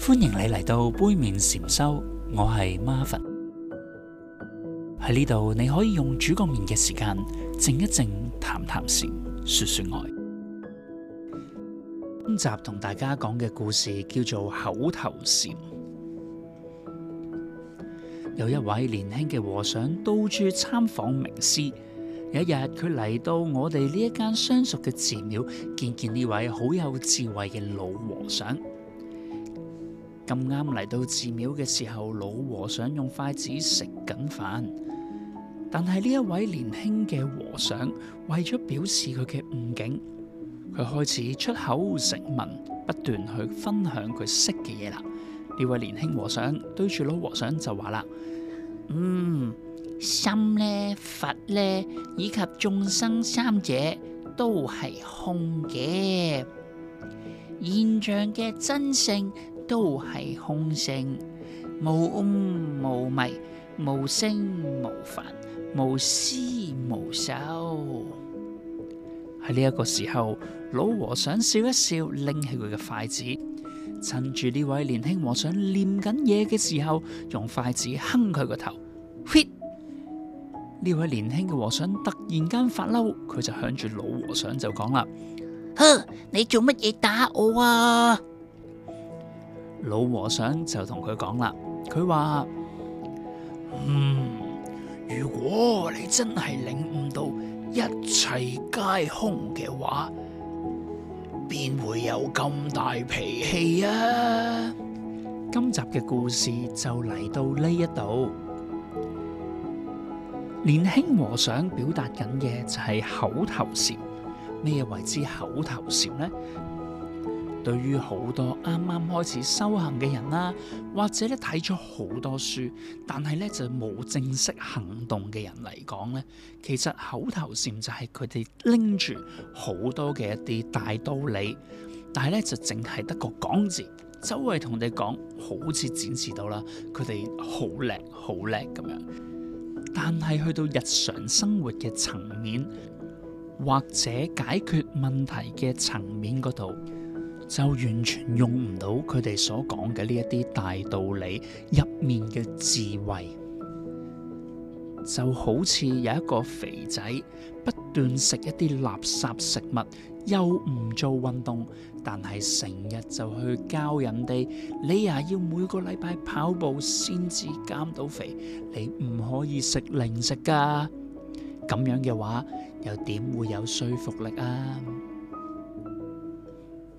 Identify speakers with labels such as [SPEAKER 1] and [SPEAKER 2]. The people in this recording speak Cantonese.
[SPEAKER 1] 歡迎你嚟到杯麵禪修，我係 Marvin 喺呢度，你可以用煮個麵嘅時間靜一靜，談談禪，說說愛。今集同大家講嘅故事叫做口頭禪。有一位年輕嘅和尚到處參訪名師，有一日佢嚟到我哋呢一間相熟嘅寺廟，見見呢位好有智慧嘅老和尚。咁啱嚟到寺廟嘅時候，老和尚用筷子食緊飯。但係呢一位年輕嘅和尚，為咗表示佢嘅悟境，佢開始出口成文，不斷去分享佢識嘅嘢啦。呢位年輕和尚對住老和尚就話啦：
[SPEAKER 2] 嗯，心呢、佛呢，以及眾生三者都係空嘅現象嘅真性。都係空性，無暗
[SPEAKER 1] 無昧，無聲無凡，無思無手。喺呢一個時候，老和尚笑一笑，拎起佢嘅筷子，趁住呢位年輕和尚念緊嘢嘅時候，用筷子哼佢個頭。呢位年輕嘅和尚突然間發嬲，佢就向住老和尚就講啦：哼，你做乜嘢打我啊？老和尚就同佢講啦，佢話：嗯，如果你真係領悟到一切皆空嘅話，邊會有咁大脾氣啊！今集嘅故事就嚟到呢一度，年輕和尚表達緊嘅就係口頭禪，咩為之口頭禪呢？對於好多啱啱開始修行嘅人啦，或者咧睇咗好多書，但係咧就冇正式行動嘅人嚟講呢，其實口頭禪就係佢哋拎住好多嘅一啲大道理，但係咧就淨係得個講字，周圍同你講，好似展示到啦，佢哋好叻好叻咁樣，但係去到日常生活嘅層面或者解決問題嘅層面嗰度，就完全用唔到佢哋所講嘅呢一啲大道理入面嘅智慧，就好似有一個肥仔不斷食一啲垃圾食物，又唔做運動，但係成日就去教人哋：你呀，要每個禮拜跑步先至減到肥，你唔可以食零食㗎。咁樣嘅話，又點會有說服力啊？